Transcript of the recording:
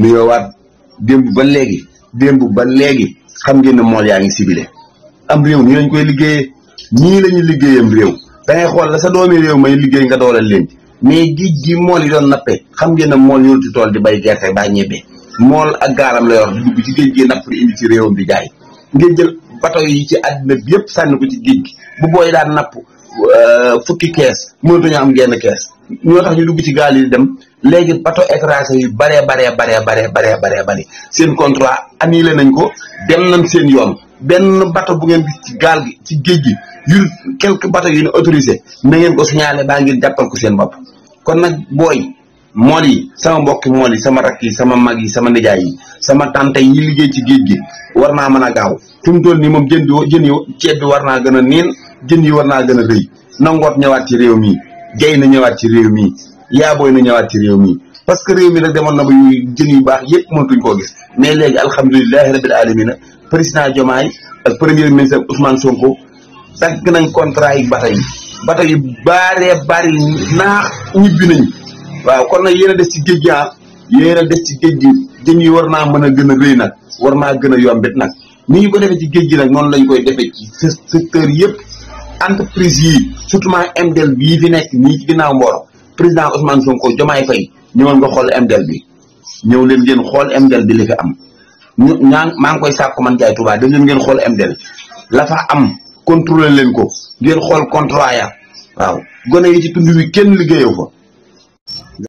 nuyoowaat démb ba léegi démb ba léegi xam ngeen ne mool yaa ngi sibile am réew nii lañ koy liggéeyee nii la liggéeyam réew da ngay xool la sa doomi réew may liggéey nga doolal leen mais géej gi mool yi doon nappee xam ngeen ne mool yoruti tool di bay gerte baa ñebbe mool ak gaalam la yor di dugg ci géej gi napp di indi ci réewam di jaay ngeen jël bato yi ci àddina bi yëpp sànni ko ci géej gi bu booy daan napp Euh, fukki kees mënatuñu am genn kees ñoo tax ñu dugg ci gaal yi dem léegi bateau étranger yu baree baree baree baree baree baree bari seen contrat annulé nañ ko dem nañ seen yoon benn bateau bu ngeen gis ci gaal gi ci géej gi yu quelques bateaux yu ñu autorisé na ngeen ko signalé baa ngeen jàppal ko seen bopp kon nag booy mool yi sama mbokki mool yi sama rakk yi sama mag yi sama nijaay yi sama tante yi liggéey ci géej gi war naa mën a gaaw fi mu toll nii moom jën bi jën yi ceeb bi war naa gën a niin jën yi war naa gën a rëy nangoot ñëwaat ci réew mi gay na ñëwaat ci réew mi yaabooy na ñëwaat ci réew mi parce que réew mi nag demoon na ba jën yu baax yëpp mënatuñ koo gis mais léegi alhamdulilahi rabil alamina président Diomaye ak premier ministre Ousmane Sonko dagg nañ contrat yi bata yi bata yu baaree bari naax ñibbi nañ waaw kon nag yéen a ci géej gi ah yéen ci géej gi jën yi war naa mën a gën a rëy nag war naa gën a yombit nag ni ñu ko defee ci géej gi na noonu lañ koy defee ci secteur yëpp entreprise yi surtout MDL bii fi nekk nii ci ginnaaw Mboro président Ousmane Sonko Diomaye Faye ñëwal nga xool MDL bi ñëw leen ngeen xool MDL bi li fi am ñu ñaa maa ngi koy sàkku man jaay Touba dem leen ngeen xool MDL la fa am contrôler leen ko ngeen xool contrat ya waaw gone yi ci tund wi kenn liggéeyoo fa